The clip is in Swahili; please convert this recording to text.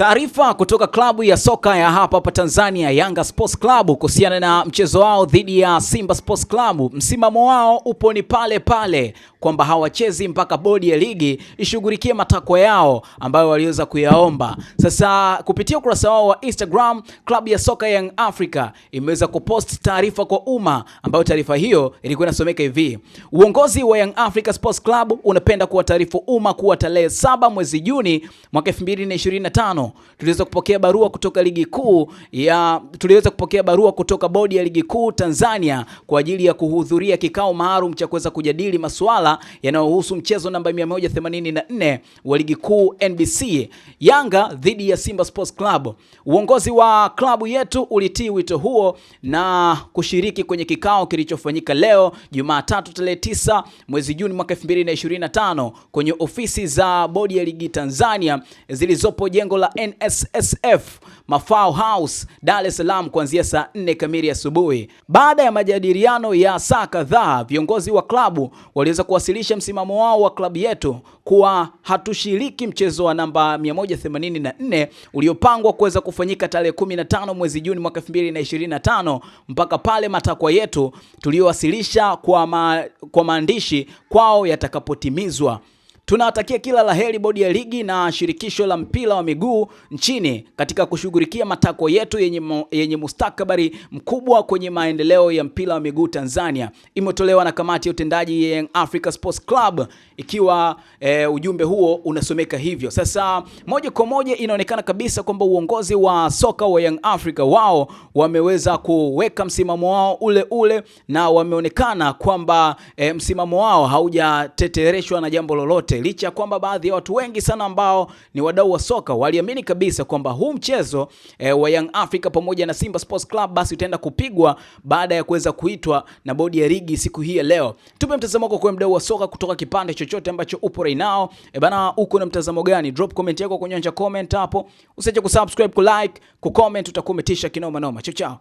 Taarifa kutoka klabu ya soka ya hapa hapa Tanzania Yanga Sports Club kuhusiana na mchezo wao dhidi ya Simba Sports Club, msimamo wao upo ni pale pale kwamba hawachezi mpaka bodi ya ligi ishughulikie matakwa yao ambayo waliweza kuyaomba. Sasa kupitia ukurasa wao wa Instagram, klabu ya soka Young Africa imeweza kupost taarifa kwa umma, ambayo taarifa hiyo ilikuwa inasomeka hivi: uongozi wa Young Africa Sports Club unapenda kuwataarifu umma kuwa tarehe 7 mwezi Juni mwaka 2025 tuliweza kupokea barua kutoka ligi kuu ya tuliweza kupokea barua kutoka bodi ya ligi kuu Tanzania kwa ajili ya kuhudhuria kikao maalum cha kuweza kujadili masuala yanayohusu mchezo namba 184 wa ligi kuu NBC Yanga dhidi ya Simba Sports Club. Uongozi wa klabu yetu ulitii wito huo na kushiriki kwenye kikao kilichofanyika leo Jumatatu tarehe 9 mwezi Juni mwaka 2025 kwenye ofisi za bodi ya ligi Tanzania zilizopo jengo la NSSF Mafao House Dar es Salaam kuanzia saa 4 kamili asubuhi. Baada ya majadiliano ya saa kadhaa, viongozi wa klabu waliweza kuwasilisha msimamo wao wa klabu yetu kuwa hatushiriki mchezo wa namba 184 uliopangwa kuweza kufanyika tarehe 15 mwezi Juni mwaka 2025 mpaka pale matakwa yetu tuliyowasilisha kwa, ma, kwa maandishi kwao yatakapotimizwa. Tunawatakia kila la heri bodi ya ligi na shirikisho la mpira wa miguu nchini katika kushughulikia matakwa yetu yenye, yenye mustakabali mkubwa kwenye maendeleo ya mpira wa miguu Tanzania. Imetolewa na kamati ya utendaji ya Africa Sports Club ikiwa e, ujumbe huo unasomeka hivyo. Sasa moja kwa moja inaonekana kabisa kwamba uongozi wa soka wa Young Africa wao wameweza kuweka msimamo wao ule ule na wameonekana kwamba e, msimamo wao haujatetereshwa na jambo lolote yote, licha ya kwamba baadhi ya watu wengi sana ambao ni wadau wa soka waliamini kabisa kwamba huu mchezo e, wa Young Africa pamoja na Simba Sports Club basi utaenda kupigwa baada ya kuweza kuitwa na bodi ya ligi siku hii ya leo. Tupe mtazamo wako kwa mdau wa soka kutoka kipande chochote ambacho upo right now. E bana, uko na mtazamo gani? Drop comment yako kwenye anja comment hapo. Usiache kusubscribe, kulike, kucomment, utakuwa umetisha kinoma noma. Chao chao.